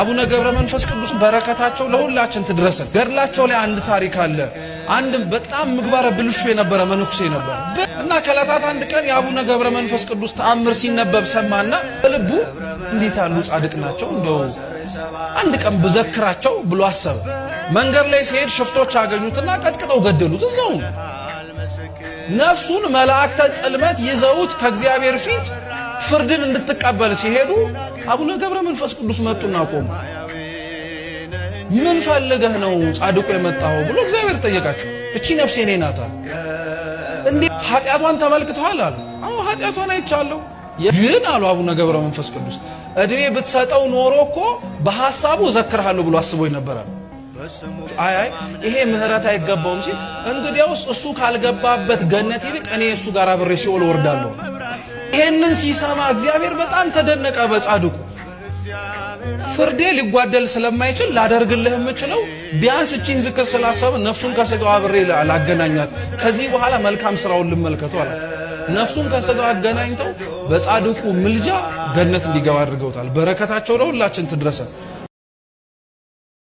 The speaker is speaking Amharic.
አቡነ ገብረ መንፈስ ቅዱስ በረከታቸው ለሁላችን ትድረሰን። ገድላቸው ላይ አንድ ታሪክ አለ። አንድ በጣም ምግባረ ብልሹ የነበረ መነኩሴ ነበር እና ከዕለታት አንድ ቀን የአቡነ ገብረ መንፈስ ቅዱስ ተአምር ሲነበብ ሰማና በልቡ እንዴት ያሉ ጻድቅ ናቸው፣ እንደው አንድ ቀን ብዘክራቸው ብሎ አሰበ። መንገድ ላይ ሲሄድ ሽፍቶች አገኙትና ቀጥቅጠው ገደሉት እዛው። ነፍሱን መላእክተ ጽልመት ይዘውት ከእግዚአብሔር ፊት ፍርድን እንድትቀበል ሲሄዱ አቡነ ገብረ መንፈስ ቅዱስ መጡና ቆሙ። ምን ፈልገህ ነው ጻድቁ የመጣው ብሎ እግዚአብሔር ጠየቃቸው። እቺ ነፍሴ እኔ ናታ። እንዴ ኃጢአቷን ተመልክተዋል አሉ። አዎ ኃጢአቷን አይቻለሁ። ግን አሉ አቡነ ገብረ መንፈስ ቅዱስ እድሜ ብትሰጠው ኖሮ እኮ በሐሳቡ እዘክርሃለሁ ብሎ አስቦ ይነበራል። አይ አይ ይሄ ምህረት አይገባውም ሲል እንግዲያውስ እሱ ካልገባበት ገነት ይልቅ እኔ እሱ ጋር አብሬ ሲኦል ወርዳለሁ። ይህንን ሲሰማ እግዚአብሔር በጣም ተደነቀ። በጻድቁ ፍርዴ ሊጓደል ስለማይችል ላደርግልህ የምችለው ቢያንስ እቺን ዝክር ስላሰብ ነፍሱን ከስጋው አብሬ ላገናኛት፣ ከዚህ በኋላ መልካም ስራውን ልመልከቱ አላት። ነፍሱን ከስጋው አገናኝተው በጻድቁ ምልጃ ገነት እንዲገባ አድርገውታል። በረከታቸው ለሁላችን ትድረሰን።